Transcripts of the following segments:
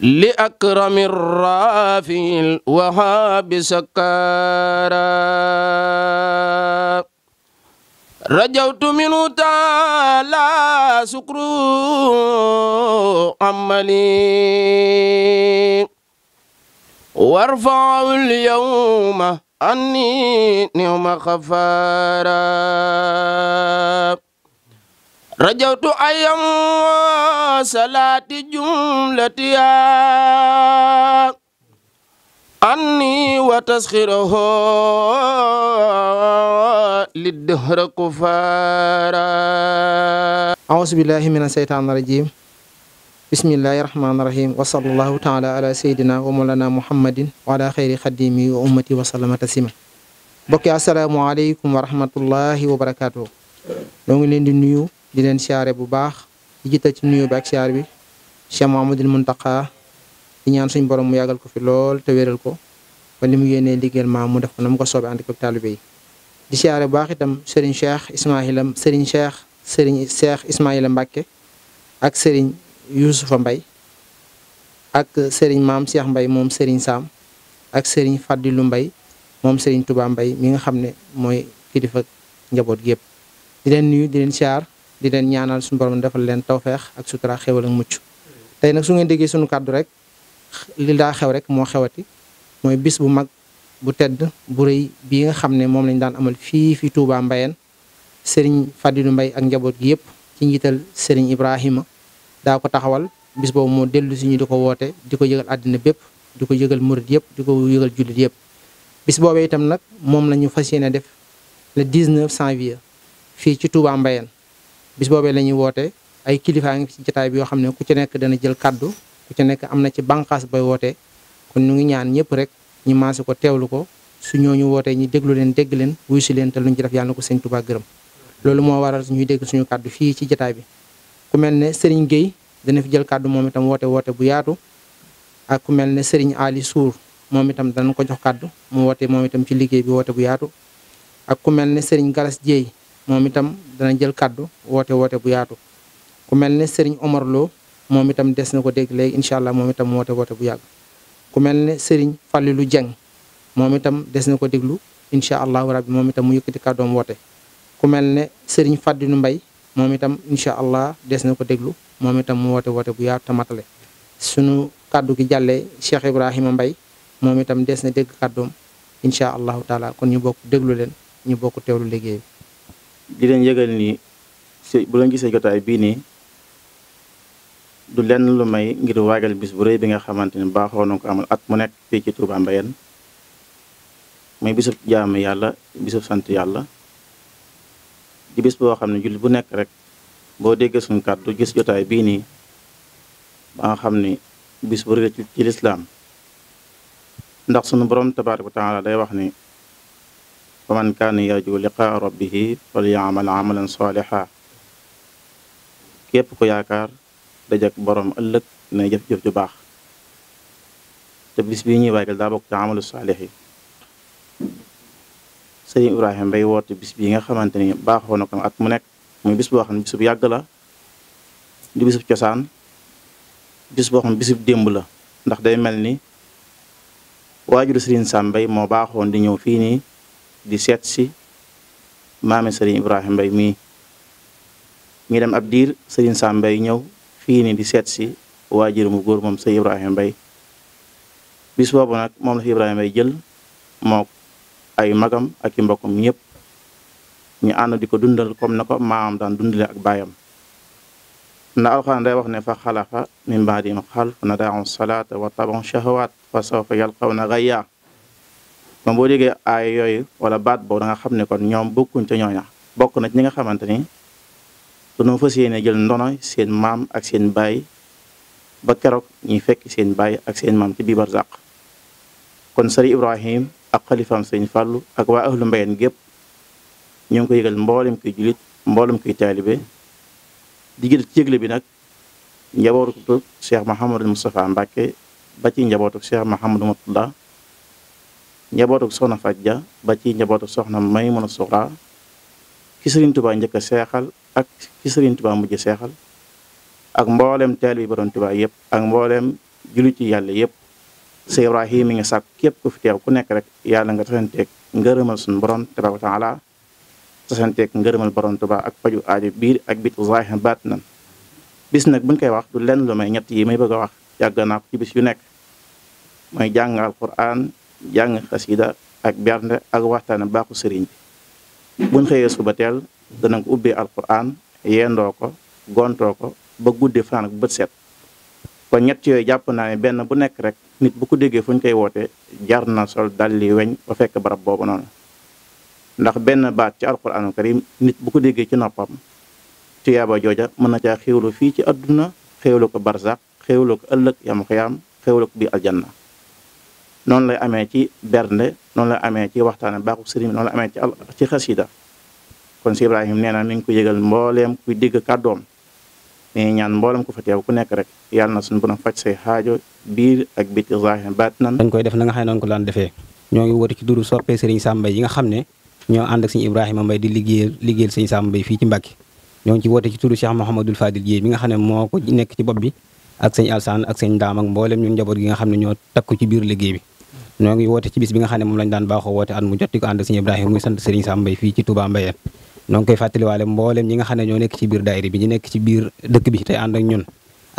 li akrami raafil wahaabi sakara rajawtu minu taala sukru amali warfau lyawma anni niuma xafara رجوت أيام صلاة جملتها أني وتسخيره للدهر كفارا أعوذ بالله من الشيطان الرجيم بسم الله الرحمن الرحيم وصلى الله تعالى على سيدنا ومولانا محمد وعلى خير خديمه وأمتي وسلم تسليما بك السلام عليكم ورحمة الله وبركاته ñoo ngi leen di nuyu di leen siyaare bu baax di jiital ci nuyu bi ak siyaar bi Cheikh Mouhamadoul Mountakha di ñaan suñ borom mu yàggal ko fi lool te wéral ko ba li mu yéenee liggéeyal maam mu def ko na mu ko soobee ànd ak taalibe yi di siyaare bu baax itam Serigne Cheikh Ismaïla Serigne Cheikh Serigne Cheikh Ismaïla Mbacke ak Serigne Youssoufa mbay ak Serigne maam Cheikh mbay moom Serigne Sam ak Serigne Fadilou mbay moom Serigne Touba mbay mi nga xam ne mooy kilifa njaboot gi di leen nuyu di leen di leen ñaanal suñu borom defal leen tawfeex ak sutura xewal ak mucc tey nag su ngeen déggee suñu kàddu rek li daa xew rek moo xewati mooy bis bu mag bu tedd bu rëy bii nga xam ne moom lañ daan amal fii fi Touba Mbayeen Serigne Fadilou mbay ak njaboot gi yëpp ci njiital Serigne Ibrahima daa ko taxawal bis boobu moo dellu si ñu di ko woote di ko yëgal àddina bépp di ko yëgal murid yëpp di ko yëgal jullit yëpp. bis boobee itam nag moom la ñu fas yéene def le 19 janvier fii ci Touba Mbayeen bis boobee la ñuy woote ay kilifaa ngi ci jataay bi yoo xam ne ku ci nekk dana jël kàddu ku ci nekk am na ci bànqaas booy wootee kon ñu ngi ñaan ñëpp rek ñu maase ko teewlu ko su ñooñu wootee ñu déglu leen dégg leen wuyu si leen te luñ ci def yàlla ko sëñ Tuubaa gërëm loolu moo waral ñuy dégg suñu kàddu fii ci jataay bi ku mel ne Serigne Gueye dana fi jël kàddu moom itam woote woote bu yaatu ak ku mel ne Serigne Ali Sour moom itam dana ko jox kàddu mu woote moom itam ci liggéey bi woote bu yaatu ak ku mel ne Serigne Galas Dieye moom itam dana jël kàddu woote woote bu yaatu ku mel ne Serigne Omar moom itam des na ko dégg léegi incha allah moom itam woote woote bu yàgg ku mel ne Serigne Fallilou Dieng moom itam des na ko déglu incha allahu rabbi moom itam mu yëkkati kàddoom woote ku mel ne Serigne Fadilou Mbaye moom itam incha allah des na ko déglu moom itam mu woote woote bu yaatu tamatale sunu kàddu gi jàllee Cheikh Ibrahima Mbaye moom itam des na dégg kàddoom incha allahu taala kon ñu bokk déglu leen ñu bokk teewlu liggéey bi di leen yëgal ni si bu leen gisee jotaay bii nii du lenn lu may ngir waajal bis bu rëy bi nga xamante ni baaxoo na ko amal at mu nekk fii ci Touba Mbayeen muy bisub jaamu yàlla bisub sant yàlla di bis boo xam ne jullit bu nekk rek boo déggee suñu kàddu gis jotaay bii nii ba nga xam ni bis bu rëy ci lislaam ndax sunu borom tabaaraka wa taala day wax ni wa man kaana yarju liqaa rabbihi falyaamal amalan saaliha képp ku yaakaar dajak boroom ëllëg na jëf-jëf ju baax te bis bii ñuy waajal daa bokk ci amalu saalix yi sëriñ Ibrahima Mbay woote bis bii nga xamante ni baaxoo na ko at mu nekk muy bis boo xam ne bisub yàgg la di bisub cosaan bis boo xam bisub démb la ndax day mel ni waajuru sëriñ Sam mbey moo baaxoon di ñëw fii nii di seet si maame sëriñ Ibrahima Mbay mii mi dem ab diir sëriñ Sam Mbay ñëw fii ni di seet si waajur mu góor moom sëriñ Ibrahima Mbay bis boobu nag moom la fi Mbay jël mook ay magam ak i mbokkam ñépp ñu ànd di ko dundal kom na ko maamam daan dundale ak baayam ndax alxuraan day wax ne fa xalafa min baadihim xalf na daaxu salaata wa shahawaat fa sawfa yalqawna gayya moom boo déggee aay yooyu wala baat boo da xam ne kon ñoom bokkuñ ca ñooña bokk na ci nga xamante ni dañoo fas yéene jël ndono seen maam ak seen baay ba keroog ñuy fekk seen baay ak seen maam ci biir barzaq kon sëriñ Ibrahim ak xalifaam sëriñ Fàllu ak waa ahlu Mbayeen gépp ñoo ngi ko yëgal mboolem kuy julit mboolem kuy taalibe diggante ci yëgle bi nag njabootu Cheikh Mouhamadou Moustapha Mbacke ba ci njabootu Cheikh Mouhamadou Mourtada njabootuk soxna faj ja ba ci njabootuk soxna may mën a suxraa ki sëriñ tubaa njëkk a seexal ak ki sëriñ tubaa mujj seexal ak mboolem teel bi borom tubaa yëpp ak mboolem jullit ci yàlla yëpp sa ibrahim mi nga sàkk képp ku fi teew ku nekk rek yàlla nga tasanteeg ngërëmal suñu borom tabaaraka wa taala tasanteeg ngërëmal borom tubaa ak faju aajo biir ak bit zaahir baat na bis nag buñ koy wax du len lu may ñett yi may bëgg a wax yàgg naa ko ci bis yu nekk mooy jàng alquran jàng xasida ak bernde ak waxtaan baaxu sëriñ bi buñ xëyee suba teel danañ ko ubbee alquran yendoo ko gontoo ko ba guddee fanaan ak bët set kon ñett yooyu jàpp naa ne benn bu nekk rek nit bu ko déggee fu ñu koy wootee jar na sol dalli weñ ba fekk barab boobu noonu ndax benn baat ci alquranu karim nit bu ko déggee ci noppam tuyaaba jooja mën na caa xéwlu fii ci àdduna xéwlu ko barzak xéwlu ko ëllëg yam xiyaam xéwlu ko bii na noonu lay amee ci bernde noonu lay amee ci waxtaane baaxu sëriñ bi amee ci al ci xasida kon si Ibrahima nee na mi ngi ko yëgal mbooleem kuy digg kàddoom nii ñaan mboolem ku fa teew ku nekk rek yàlla na suñu borom faj say xaajo biir ak biti zaahir baatinan dañ koy def na nga xam ne noonu ko daan defee ñoo ngi woote ci duru soppee sëriñ Samba yi nga xam ne ñoo ànd ak sëñ Ibrahima Mbaye di liggéeyal liggéeyal sëñ Samba Mbaye fii ci Mbàkke ñoo ngi ci woote ci turu Cheikh Mouhamadul Fadil Dieye mi nga xam ne moo ko nekk ci bopp bi ak sëñ Alsaan ak sëñ Daam ak mboolem ñun njaboot gi nga xam ne ñoo takku ci biir liggéey bi ñoo ngi woote ci bis bi nga xam ne moom lañu daan baaxoo woote at mu jot di ko ànd ak sëñ Ibrahima muy sant Serigne Sam Mbaye fii ci Touba Mbayeen ñoo koy fàttaliwaale mboolem ñi nekk ci biir daayira bi ñi ak ñun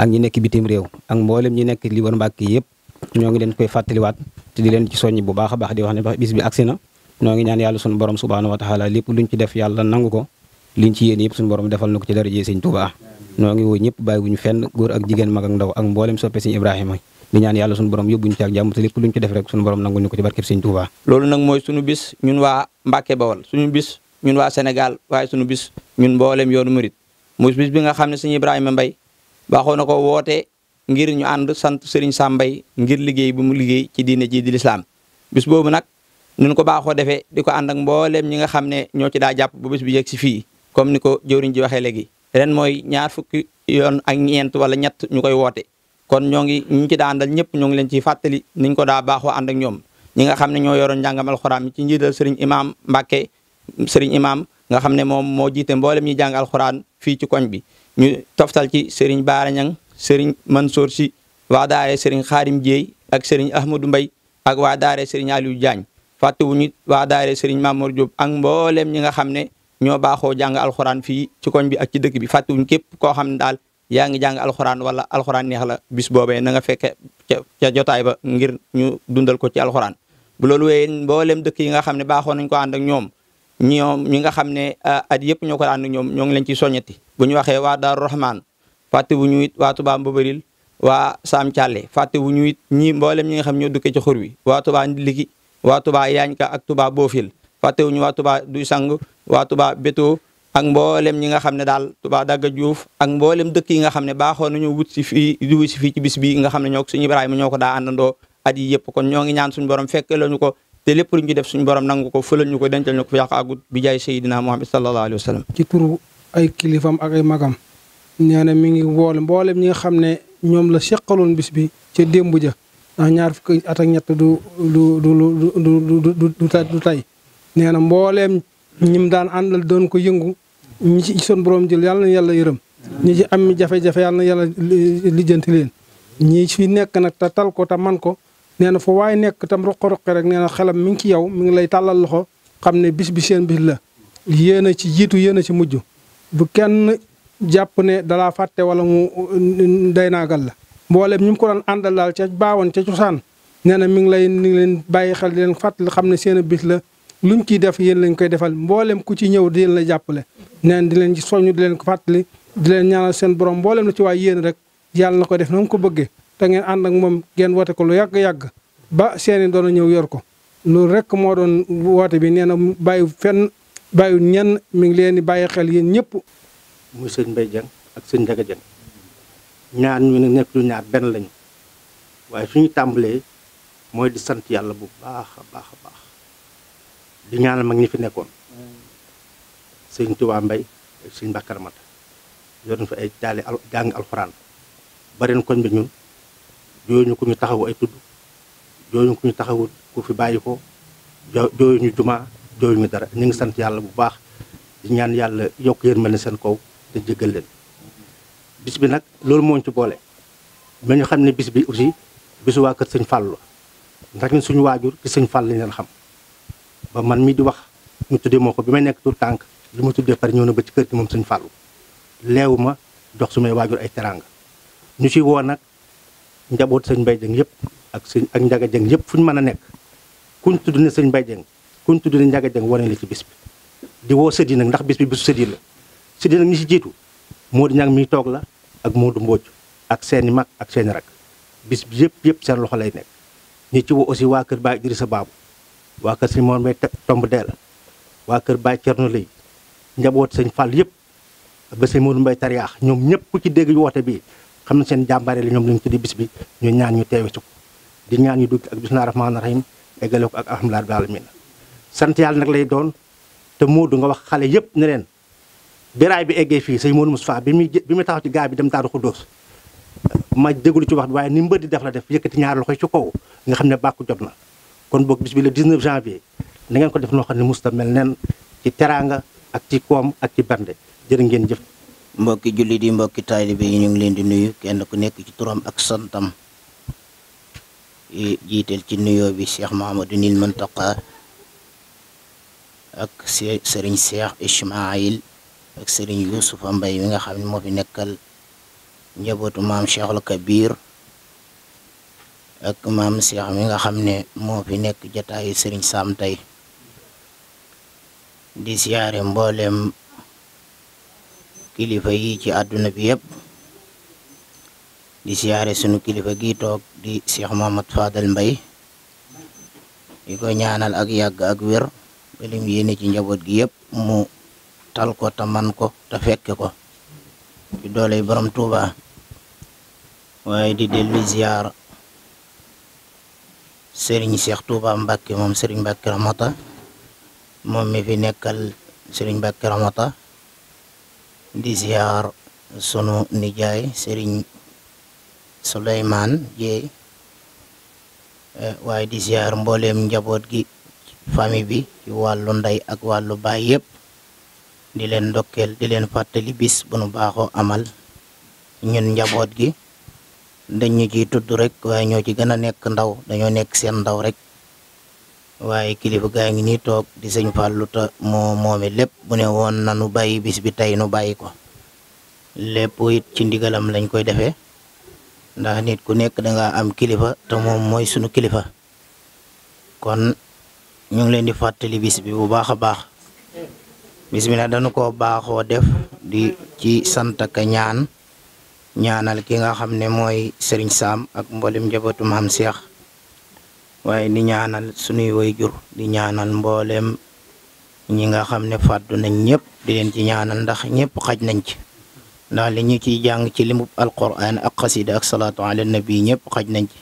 ñi nekk bitim réew ak mboolem ñi nekk yëpp ñoo ngi leen koy fàttaliwaat te di leen ci soñ bu baax a baax di wax ne bis bi agsi na ngi ñaan yàlla suñu borom subhaanahu wa taala lépp luñ ci def yàlla nangu ko liñ ci yéen yëpp suñu borom defal na ko ci daraje sëñ Touba ñoo ngi woo ñëpp bàyyi wuñu fenn góor mag ak ndaw ak mboolem soppe di ñaan yàlla suñu borom yóbbuñu ci ak jàmm te lépp luñ ci def rek suñu borom nanguñu ko ci barkeb Sëñ Tuubaa loolu nag mooy suñu bis ñun waa Mbàkke Bawol suñu bis ñun waa Sénégal waaye suñu bis ñun mboolem yoonu murit muy bis bi nga xam ne Sëñ Ibrahima Mbay waxoon na ko woote ngir ñu ànd sant Sëriñ Sam Mbay ngir liggéey bu mu liggéey ci diine ji di lislaam bis boobu nag nun ko baaxoo defee di ko ànd ak mbooleem ñi nga xam ne ñoo ci daa jàpp bu bis bi yegg si fii comme ni ko jëwriñ ji waxee léegi ren mooy ñaar fukki yoon ak ñeent wala ñett ñu koy woote kon ñoo ngi ñi ci daandal ñëpp ñoo ngi leen ciy fàttali niñ ko daa baaxoo ànd ak ñoom ñi xam ne ñoo yoroon njàngam alxuraan mi ci njiital sëriñ imaam Mbàkke sëriñ imaam nga xam ne moom moo jiite mboolem ñi jàng fii ci koñ bi ñu toftal ci sëriñ Baara Ñang sëriñ Mansour si waa daare sëriñ Xaarim Jéey ak sëriñ Ahmadou Mbay ak waa daare sëriñ jaañ Diagne fàttewuñu waa daare sëriñ Mamour Diop ak mboolem ñi xam ne ñoo baaxoo jàng alxuraan fii ci koñ bi ak ci dëkk bi fàttewuñ képp koo xam ne daal yaa ngi jàng alxuraan wala alxuraan neex la bis boobee na nga fekke ca jotaay ba ngir ñu dundal ko ci alxuraan bu loolu wéyee mboolem dëkk yi nga xam ne baaxoon nañ ko ànd ak ñoom ñoom ñi nga xam ne at yëpp ñoo ko ànd ak ñoom ñoo leen ciy soññati bu ñu waxee waa Daaru Rahman fàtte bu ñu it waa Touba Mbobaril waa Sam Thialé fàtte bu it ñi mboolem ñi nga xam ñoo dukkee ci xur wi waa Touba Ndiliki waa Touba Yaañka ak tubaa Bofil fàtte wu ñu waa Touba Duy Sang waa Touba Beto ak mbooleem ñi nga xam ne daal Touba Daga Diouf ak mbooleem dëkk yi nga xam ne baaxoo nañu wut si fii di si fii ci bis bi nga xam ne ñoo suñu Ibrahima ñoo ko daa àndandoo at yëpp kon ñoo ngi ñaan suñu borom fekke lañu ko lépp lu def suñu borom nangu ko fëlal ñu ko dencal ñu ko fi yàq agut bi jaay Seydina Muhammad sallallahu alayhi wa ay kilifam ak ay magam nee na mi ngi wool mbooleem ñi nga xam ne ñoom la seqaloon bis bi ca démb ja ndax ñaar fukki at ak ñett du du du du du du du tay nee na mbooleem ñim daan àndal doon ko yëngu ñi ci soon boroom jël yàlla na yàlla yërëm ñi ci am jafe-jafe yàlla na yàlla lijjanti leen ñi fi nekk nag te tal ko te man ko nee na fa waaye nekk tam roqe-roqe rek nee xelam mi ngi ci yow mi ngi lay tàllal loxo xam ne bis bi seen bis la yéen a ci jiitu yéen a ci mujj bu kenn jàpp ne dalaa fàtte wala mu day naagal la mboolem ñu mu ko doon àndal daal ca baawoon ca cosaan nee na mi ngi lay ni ngi leen bàyyi xel di leen fàttali xam ne seen bis la lu mu ciy def yéen lañ koy defal mbooleem ku ci ñëw di leen la jàppale neen di leen ci soñu di leen ko fàttali di leen ñaanal seen borom mboolem na ci waa yéen rek yàlla na ko def na ko bëggee te ngeen ànd ak moom ngeen woote ko lu yàgg-yàgg ba seeni doon ñëw yor ko loolu rek moo doon woote bi nee na bàyyi fenn bàyyi ñenn mi ngi leen di bàyyi xel yéen ñëpp muy sëñ Mbaye Dieng ak sëñ Ndiaga Dieng ñaar ñu ne nekk lu ñaar benn lañu waaye suñu tàmbalee mooy di sant yàlla bu baax baax a baax di ñaanal mag ñi fi nekkoon sëñ Tuubaa Mbay ak sëñ Bakar Mata yoroon ay taali al jàng alxuraan bareen koñ bi ñun jooyuñu ku ñu taxawu ay tudd jooyuñu ku ñu taxawu ku fi bàyyi ko jooyuñu jumaa jooyuñu dara ñu ngi sant yàlla bu baax di ñaan yàlla yokk yërmande seen kaw te jéggal leen bis bi nag loolu mooñ ci boole mais ñu xam ne bis bi aussi bisu waa kër sëñ Fàllu ndax ñun suñu waajur ci sëñ Fàll lañ leen xam ba man mi di wax ñu tuddee moo ko bi may nekk tur tànk li ma tuddee pare ñëw na ba ci kër gi moom sëñ Fallou leewu ma dox su may waajur ay teranga ñu ci woo nag njaboot sëñ Mbaye Dieng yëpp ak sëñ ak Ndiaga Dieng yëpp fu ñu mën a nekk kuñ tudd ne sëñ Mbaye Dieng kuñ tudd ne Ndiaga Dieng la ci bis bi di woo sët nag ndax bis bi bisu sët la sët yi ñi ci jiitu Modou Niang mi toog la ak Modou Mbodj ak seeni mag ak seeni rak bis bi yëpp yëpp seen loxo lay nekk ñi ci woo aussi waa kër Baye Idrissa Babou waa kër sëñ Mor Mbay tomb deel waa kër Baay Cerno Lay njaboot sëñ fal yëpp ba sëñ Mor Mbay tariyaax ñoom ñëpp ku ci dégg woote bi xam na seen jàmbaare la ñoom lañ tuddi bis bi ñu ñaan ñu teewe ci ko di ñaan ñu dugg ak naa rahmaani rahim eggale ko ak alhamdulilah rabbil alamin sant yàlla nag lay doon te Moodu nga wax xale yëpp ne leen biraay bi eggee fii sëñ Moodu Moustapha bi muy bi muy taxaw ci gaa bi dem Daaru Xuddoos ma déglu ci wax bi waaye ni mbër di def la def yëkkati ñaar loxo ci kaw nga xam ne bàkku jot na kon boog bis bi le 19 janvier na ngeen ko def noo xam ne musta mel nen ci teraanga ak ci koom ak ci bernde jërë ngeen jëf. mbokki jullit yi mbokki taalibe yi ñu ngi leen di nuyu kenn ku nekk ci turam ak santam eh, jiital ci nuyoo bi Cheikh Mahamadou Nil Muntaqa ak sëriñ Cheikh Ismaïl ak sëriñ Youssoufa Mbay mi nga xam ne moo fi nekkal njabootu maam Cheikhul Kabir ak maam Cheikh mi nga xam ne moo fi nekk jataayu Serigne Sam tey di siyaare mbooleem kilifa yi ci àdduna bi yëpp di siyaare sunu kilifa gi toog di Cheikh Mohamad Fadal Mbaye di ko ñaanal ak yàgg ak wér balim yéene ci njaboot gi yëpp mu tal ko te man ko te fekke ko di dooley borom Touba waaye di dellu ziyaar sëriñ Cheikh Touba Mbacke moom sëriñ Mbacke Ramata moom mi fi nekkal sëriñ Mbacke Ramata di ziar sunu nijaay sëriñ Souleymane Dieye eh, waaye di ziar mbooleem njaboot gi famille bi ci wàllu ndey ak wàllu baay yëpp di leen ndokkeel di leen fàttali bis bu nu baaxoo amal ñun njaboot gi dañ ñu ciy tudd rek waaye ñoo ci gën a nekk ndaw dañoo nekk seen ndaw rek waaye kilifa gaa ngi nii toog di sëñ Fallou ta moo moome lépp bu ne woon nanu bàyyi bis bi tey nu bàyyi ko lépp it ci ndigalam lañ koy defee ndax nit ku nekk danga am kilifa te moom mooy sunu kilifa kon ñu ngi leen di fàttali bis bi bu baax a baax bis bi nag dañu ko baaxoo def di ci sant ñaan ñaanal ki nga xam ne mooy Serigne Sam ak mboolem njabootu am Cheikh waaye di ñaanal sunuy wayjur di ñaanal mboolem ñi nga xam ne fàddu nañ ñëpp di leen ci ñaanal ndax ñëpp xaj nañ ci ndax li ñu ciy jàng ci limub alquran ak xasida ak salaatu ala nabi ñëpp xaj nañ ci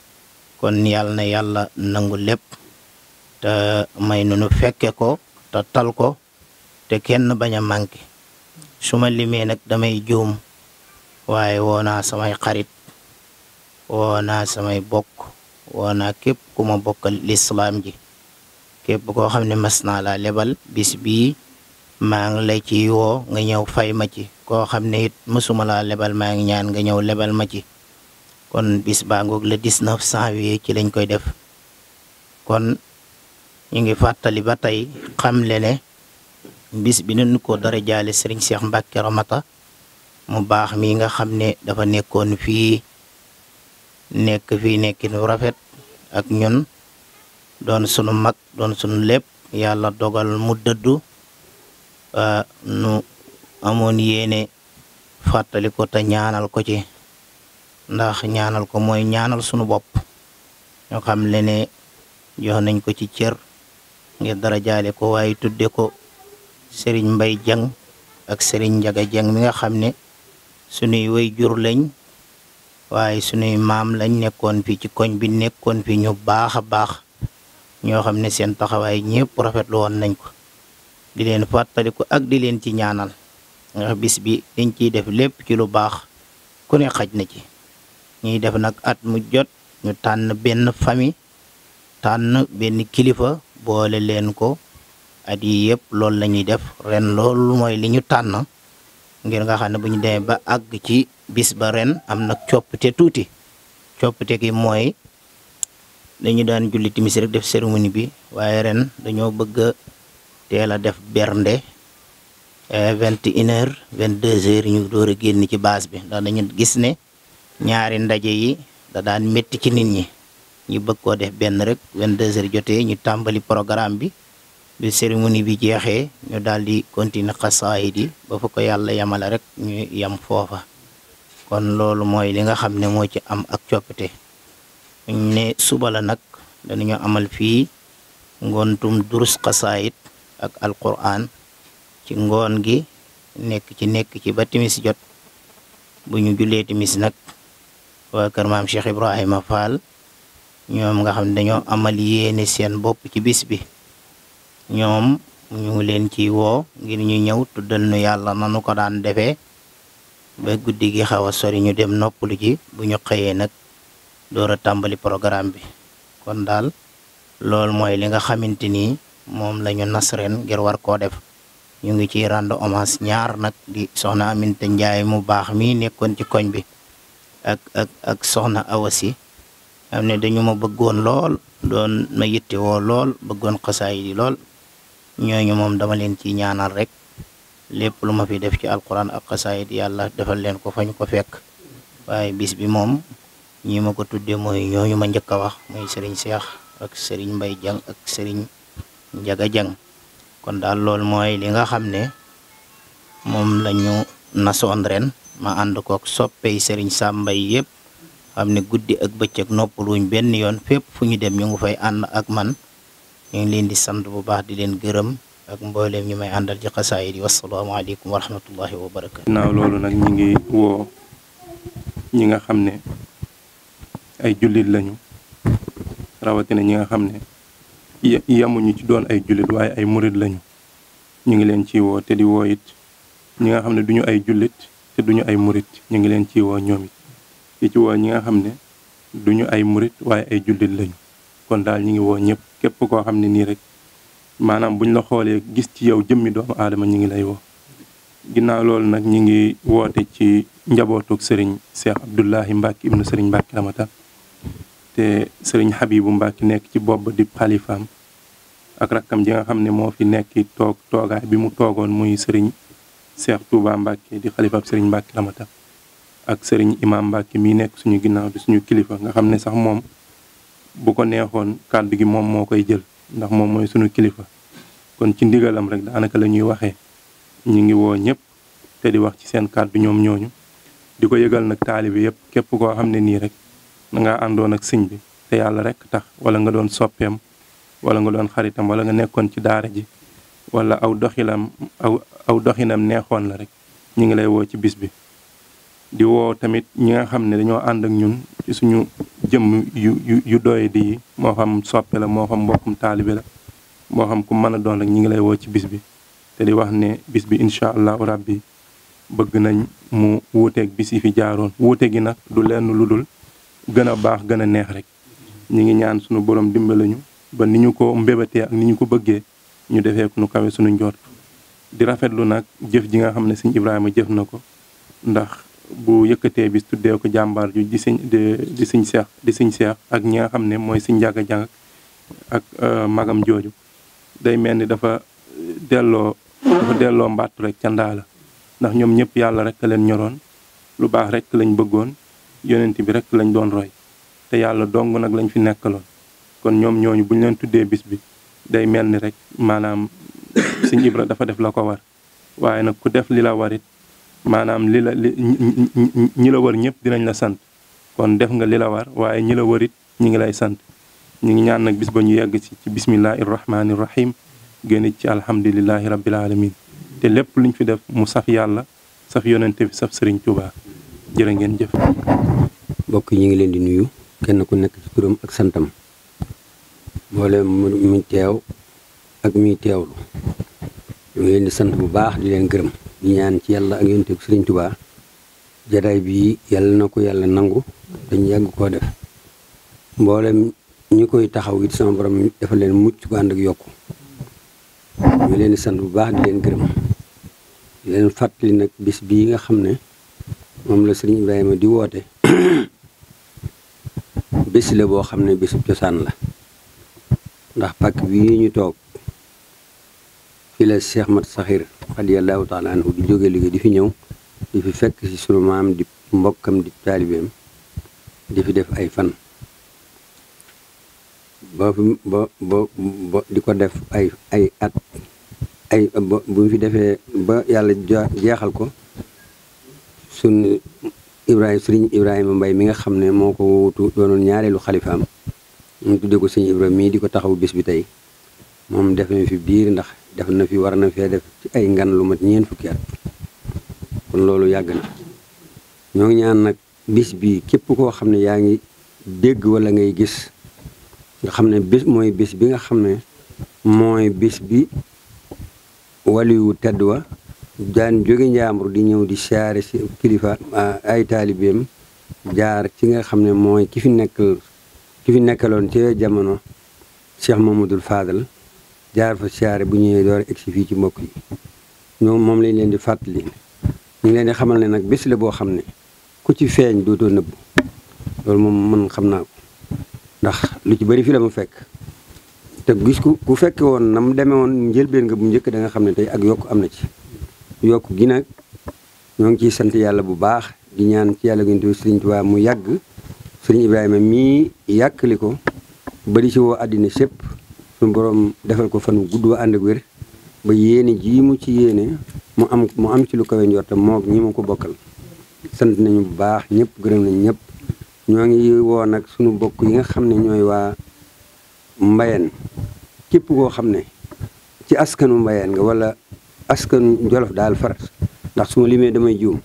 kon yàlla na yàlla nangu lépp te may nu nu fekke ko te tal ko te kenn bañ a manqué su ma limee nag damay juum waaye woo naa samay xarit woo naa samay bokk woo naa képp ku ma bokkal lislaam ji képp koo xam ne mas naa laa lebal bis bii maa ngi lay ci woo nga ñëw fay ma ci koo xam ne it masuma laa lebal maa ngi ñaan nga ñëw lebal ma ci kon bis baa ngoog le 19 janvier ci lañ koy def kon ñu ngi fàttali ba tey xam le ne bis bi nañu ko dara jaale Serigne Cheikh Mbacke Ramata mu baax mi nga xam ne dafa nekkoon fii nekk fii nekkin rafet ak ñon doon sunu mag doon sunu lépp yàlla dogal mu dëddu nu amoon yéene fàttali ko te ñaanal ko ci ndax ñaanal ko mooy ñaanal sunu bopp ñoo xam le ne jox nañ ko ci cër ngir dara jaale ko waaye tudde ko Serigne Mbaye Dieng ak Serigne Ndiaga Dieng mi nga xam ne sunuy way jur lañ waaye sunuy maam lañ nekkoon fii ci koñ bi nekkoon fii ñu baax a baax ñoo xam ne seen taxawaay ñëpp rafetlu woon nañ ko di leen fàttaliku ak di leen ci ñaanal ndax bis bi dañ ciy def lépp ci lu baax ku ne xaj na ci ñuy def nag at mu jot ñu tànn benn famille tànn benn kilifa boole leen ko at yi yëpp loolu lañuy ñuy def ren loolu mooy li ñu tànn ngir nga xam ne bu ñu demee ba àgg ci bis ba ren am nag coppite tuuti coppite gi mooy dañu daan julli timis rek def cérémonie bi waaye ren dañoo bëgg a teel a def bernde eh, vingt et une heures vingt deux heures ñu door a génn ci baas bi ndax dañu gis ne ñaari ndaje yi da daan métti ci nit ñi ñu bëgg koo def benn rek vingt deux heures jotee ñu tàmbali programme bi bi cérémonie bi jeexee ñu daal di continuer xasaayid yi ba fa ko yàlla yamale rek ñu yam foofa kon loolu mooy li nga xam ne moo ci am ak coppite ñu ne suba la nag danañu amal fii ngontum durus xasaayid ak alquran ci ngoon gi nekk ci nekk ci ba timis jot bu ñu jullee timis nag waa kër maam Cheikh Ibrahima Fall ñoom nga xam ne dañoo amal yéene seen bopp ci bis bi ñoom ñu leen ci woo ngir ñu ñëw tuddal nu yàlla nu ko daan defee ba guddi gi xaw a sori ñu dem noppalu ji bu ñu xëyee nag doora tàmbali programme bi kon daal loolu mooy li nga xamante ni moom lañu ñu nas ren ngir war koo def ñu ngi ciy rendre hommage ñaar nag di soxna Aminta Njaay mu baax mi nekkoon ci koñ bi ak ak ak soxna awasi am ne dañu ma bëggoon lool doon ma yittewoo lool bëggoon xasaay lool ñooñu moom dama leen ci ñaanal rek lépp lu ma fi def ci alquran ak xasaayit yàlla defal leen ko fañ ko fekk waaye bis bi moom ñi ma ko tuddee mooy ñooñu ma njëkk a wax muy sëriñ Seex ak sëriñ Mbay Jang ak sëriñ Njaga Jang kon daal loolu mooy li nga xam ne moom lañu ñu nasoon ren ma ànd kook soppey sëriñ Sàmba mbay yëpp xam ne guddi ak bëccëg noppaluñ benn yoon fépp fu ñu dem ñu ngi fay ànd ak man ñu ngi leen di sant bu baax di leen gërëm ak mbooleem ñu may àndal ci xasaayid yi wasalaamaaleykum wa rahmatullahi wa barakatu ginnaaw loolu nag ñi ngi woo ñi nga xam ne ay jullit lañu rawatina ñi nga xam ne yamuñu ci doon ay jullit waaye ay murit lañu ñu ngi leen ciy woo te di woo it ñi nga xam ne duñu ay jullit te duñu ay murit ñu ngi leen ci woo ñoom it di ci woo ñi nga xam ne duñu ay murit waaye ay jullit lañu kon daal ñi ngi woo ñëpp képp koo xam ne nii rek maanaam buñ la xoolee gis ci yow jëmmi doomu aadama ñu ngi lay woo ginnaaw loolu nag ñu ngi woote ci njabootuk sëriñ Cheikh Abdoulahi Mbacke ibnu sëriñ Mbacke Ramata te sëriñ Habibu Mbacke nekk ci bopp di xalifaam ak rakkam ji nga xam ne moo fi nekk toog toogaay bi mu toogoon muy sëriñ Cheikh Touba Mbacke di xalifaab sëriñ Mbacke Ramata ak sëriñ Imam Mbacke mi nekk suñu ginnaaw di suñu kilifa nga xam ne sax moom bu ko neexoon kàddu gi moom moo koy jël ndax moom mooy suñu kilifa kon ci ndigalam rek daanaka la ñuy waxee ñu ngi woo ñëpp te di wax ci seen kàddu ñoom ñooñu di ko yëgal nag taalibi yëpp képp koo xam ne nii rek da ngaa àndoon ak sëñ bi te yàlla rek tax wala nga doon soppeem wala nga doon xaritam wala nga nekkoon ci daara ji wala aw doxilam aw doxinam neexoon la rek ñu ngi lay woo ci bis bi di woo tamit ñi nga xam ne dañoo ànd ak ñun ci suñu jëmm yu yu doy di moo xam soppe la moo xam mbokkum taalibe la moo xam ku mën a doon rek ñi ngi lay woo ci bis bi te di wax ne bis bi incha allahu rabbi bëgg nañ mu wuuteeg bis yi fi jaaroon wuute gi nag du lenn lu dul gën a baax gën a neex rek ñi ngi ñaan suñu borom dimbalañu ba ni ñu ko mbébatee ak ni ñu ko bëggee ñu defee ku nu kawe suñu njort di rafetlu nag jëf ji nga xam ne sëñ Ibrahima jëf na ko ndax bu yëkkatee bis tuddee ko jàmbaar ju di sëñ di sëñ seex di sëñ ak ñaa xam ne mooy sëñ jàgg jàng ak euh, magam jooju day mel ni dafa delloo dafa delloo mbattu rek ca ndaa la ndax ñoom ñëpp yàlla rek leen ñoroon lu baax rek lañ bëggoon yonent bi rek lañ doon roy te yàlla dong nag lañ fi nekkaloon kon ñoom ñooñu bu ñu leen tuddee bis bi day mel ni rek maanaam sëñ Ibra dafa def la ko war waaye nag ku def li la warit maanaam li la li ñi la wër ñëpp dinañ la sant kon def nga li war waaye ñi la wërit ñi ngi lay sant ñu ngi ñaan nag bis ba ñu yegg ci ci bismillahi rahmaani rahim génn ci alhamdulilahi rabbil alamin te lépp lu ñu fi def mu saf yàlla saf yonente bi saf sëriñ jër jërë ngeen jëf mbokk yi ñu ngi leen di nuyu kenn ku nekk ci turam ak santam boole teew ak muy teewlu ñu leen di sant bu baax di leen gërëm di ñaan ci yàlla ak yonent bi Sëriñ Tuubaa jataay bii yàlla na ko yàlla nangu dañu yàgg koo def mboolem ñi koy taxaw it sama borom dafa leen mucc ko ànd ak yokku ñu leen di sant bu baax di leen gërëm di leen fàttali nag bis bii nga xam ne moom la Sëriñ ma di woote bis la boo xam ne bisub cosaan la ndax pàkk bii ñu toog fii la Mat Saxir radiyallahu taala di jóge liggéey di fi ñëw di fi fekk ci sunu maam di mbokkam di taalibeem di fi def ay fan ba ba ba di ko def ay ay at ay bu ñu fi defee ba yàlla jeexal ko sunu Ibrahima sëriñ Ibrahima Mbay mi nga xam ne moo ko wuutu doonoon ñaareelu xalifaam mu tudde ko sëñ Ibrahima mii di ko taxaw bis bi tey moom def nañ fi biir ndax def na fi war na fee def ci ay ngan lu mat ñeent fukki at kon loolu yàgg na ñoo ngi ñaan nag bis bi képp koo xam ne yaa ngi dégg walla ngay gis nga xam ne bés mooy bis bi nga xam ne mooy bés bi waliyu tedd wa daan jóge njaambur di ñëw di siyaare si kilifa ay taalibeem jaar ci nga xam ne mooy ki fi nekk ki fi nekkaloon ci jamono Cheikh Mamadou Fadal jaar fa siyaare bu ñëwee door egsi fii ci mbokk yi ñoom moom lañ leen di fàttali ñu leen di xamal ne nag bés la boo xam ne ku ci feeñ dootoo nëbb loolu moom mën xam naa ko ndax lu ci bëri fi la ma fekk te gis ku ku fekke woon na mu demee woon njëlbeen nga bu njëkk da nga xam ne tey ak yokk am na ci yokk gi nag ñoo ngi ciy sant yàlla bu baax di ñaan ci yàlla gunte sëriñ Tuubaa mu yàgg sëriñ Ibrahima mii yàkkali ko bëri si woo àddina sépp suñu borom defal ko fanu wu gudd wa ànd ak wér ba yéene jii mu ci yéene mu am mu am ci lu kawe njort moog ñi ma ko bokkal sant nañu bu baax ñépp gërëm nañ ñëpp ñoo ngi woo nag suñu bokk yi nga xam ne ñooy waa mbayeen képp koo xam ne ci askanu mbayeen nga wala askanu jolof daal ndax su ma limee damay juum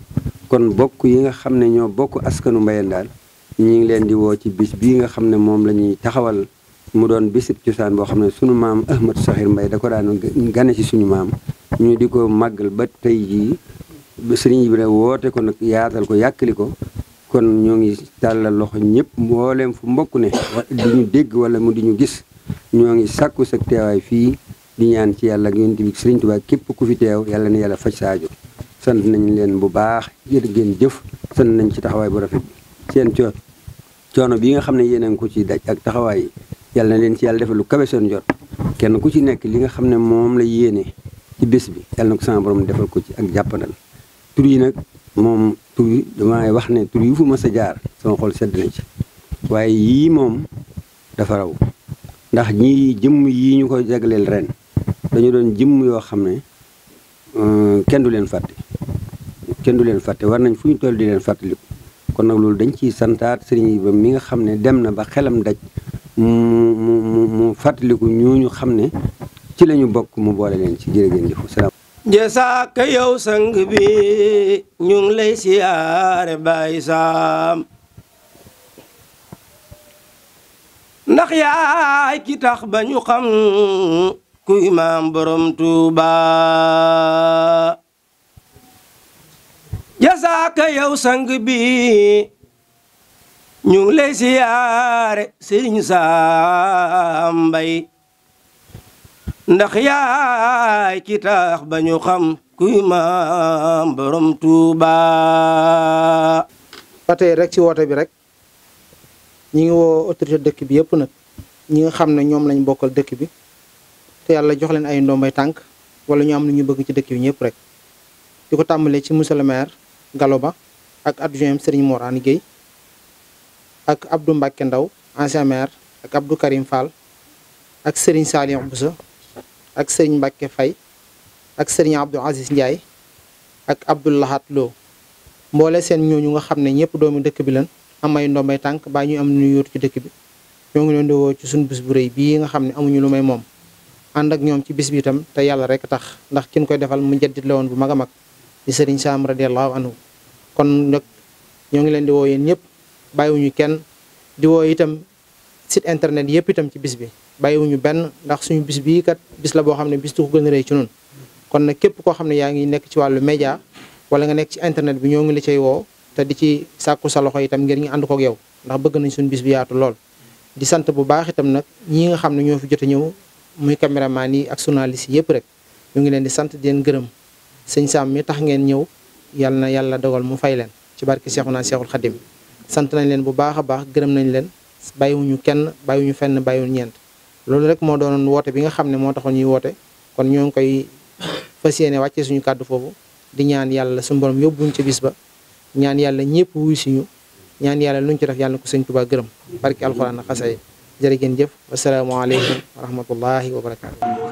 kon bokk yi nga xam ne ñoo bokk askanu mbayeen daal ñu ngi leen di woo ci bis bii nga xam ne moom lañuy taxawal mu doon bisib cosaan boo xam ne sunu maam Ahmad Saxir Mbay da ko daan gane si suñu maam ñu di ko màggal ba tey jii sëriñ bi ne woote ko nag yaatal ko yàkkali ko kon ñoo ngi tàllal loxo ñëpp mbooleem fu mbokk ne di ñu dégg wala mu di ñu gis ñoo ngi sàkku sa teewaay fii di ñaan ci yàlla ak yonent bi sëriñ Tuubaa képp ku fi teew yàlla na yàlla faj saajo sant nañ leen bu baax jërë ngeen jëf sant nañ ci taxawaay bu rafet bi seen coono bi nga xam ne yéen a ngi ko ci daj ak taxawaay yàlla na leen ci yàlla defal lu kawe seen njort kenn ku ci nekk li nga xam ne moom la yéene ci bés bi yàlla na ko sama borom defal ko ci ak jàppandal tur yi nag moom tur yi damay wax ne tur yi fu ma sa jaar sama xol sedd na ci waaye yii moom dafa raw ndax ñii jëmm yii ñu ko jagleel ren dañu doon jëmm yoo xam ne euh, kenn du leen fàtte kenn du leen fàtte war nañ fu ñu toll di leen fàttaliku kon nag loolu dañ ciy santaat sëriñ yi ba mi nga xam ne dem na ba xelam daj mu mu mu mu fàttaliku ñooñu xam ne ci lañu bokk mu boole leen ci jërë ngeen jëfu salaam. jësaaka yow sang bi ñu lay si Baay Saam ndax yaay ki ba ñu xam kuy maam borom Tuuba. jasaaka yow sang bi ñu ngi lay siyaare sëriñ Saambay ndax yaay ci tax ba ñu xam kuy maam borom Tuuba ba tey rek ci woote bi rek ñi ngi woo autorité dëkk bi yëpp nag ñi nga xam ne ñoom lañ bokkal dëkk bi te yàlla jox leen ay ndombay tànk wala ñu am lu ñu bëgg ci dëkk bi ñëpp rek di ko tàmbalee ci monsieur le maire Galoba ak adjoint Serigne Morane Gueye ak Abdou Mbacke Ndaw ancien maire ak Abdou Karim Fall ak sëriñ Saliou Bousso ak Serigne Mbacke fay ak Serigne Abdou Aziz Ndiaye ak Abdou Lahat Lo mboole seen ñooñu nga xam ne ñëpp doomu dëkk bi lan am ay ndombay tànk baa ñuy am ñu yóotu ci dëkk bi ñoo ngi leen di woo ci suñu bis bu rëy bii nga xam ne amuñu lu may moom ànd ak ñoom ci bis bi itam te yàlla rek tax ndax kin koy defal mu jaddit la woon bu mag a mag di Serigne Sam radiyallahu anhu kon nag ñoo ngi leen di woo ñëpp bàyyiwuñu kenn di woo itam site internet yëpp itam ci bis bi bàyyiwuñu benn ndax suñu bis bii kat bis la boo xam ne bis du ko gën rëy ci noonu kon nag képp koo xam ne yaa ngi nekk ci wàllu média wala nga nekk ci internet bi ñoo ngi la cay woo te di ci sàkku sa loxo itam ngir ñu ànd kook yow ndax bëgg nañ suñu bis bi yaatu lool di sant bu baax itam nag ñi nga xam ne ñoo fi jot ñëw muy caméraman yi ak sunaa journaliste yëpp rek ñu ngi leen di sant di leen gërëm sëñ Sam mi tax ngeen ñëw yàlla na yàlla dogal mu fay leen ci barke Seexuna Seexul Xadim sant nañ leen bu baax a baax gërëm nañ leen bàyyiwuñu kenn bàyyiwuñu fenn bàyyiwuñu ñeent loolu rek moo doonoon woote bi nga xam ne moo taxoon ñuy woote kon ñoo ngi koy fas yéene wàcce suñu kàddu foofu di ñaan yàlla suñu borom yóbbuñ ci bis ba ñaan yàlla ñëpp wuy suñu ñaan yàlla luñ ci def yàlla na ko sëñ Tuubaa gërëm barki alxuraan xasa yi jërë ngeen jëf wasalaamaaleykum wa rahmatullahi wa barakaatu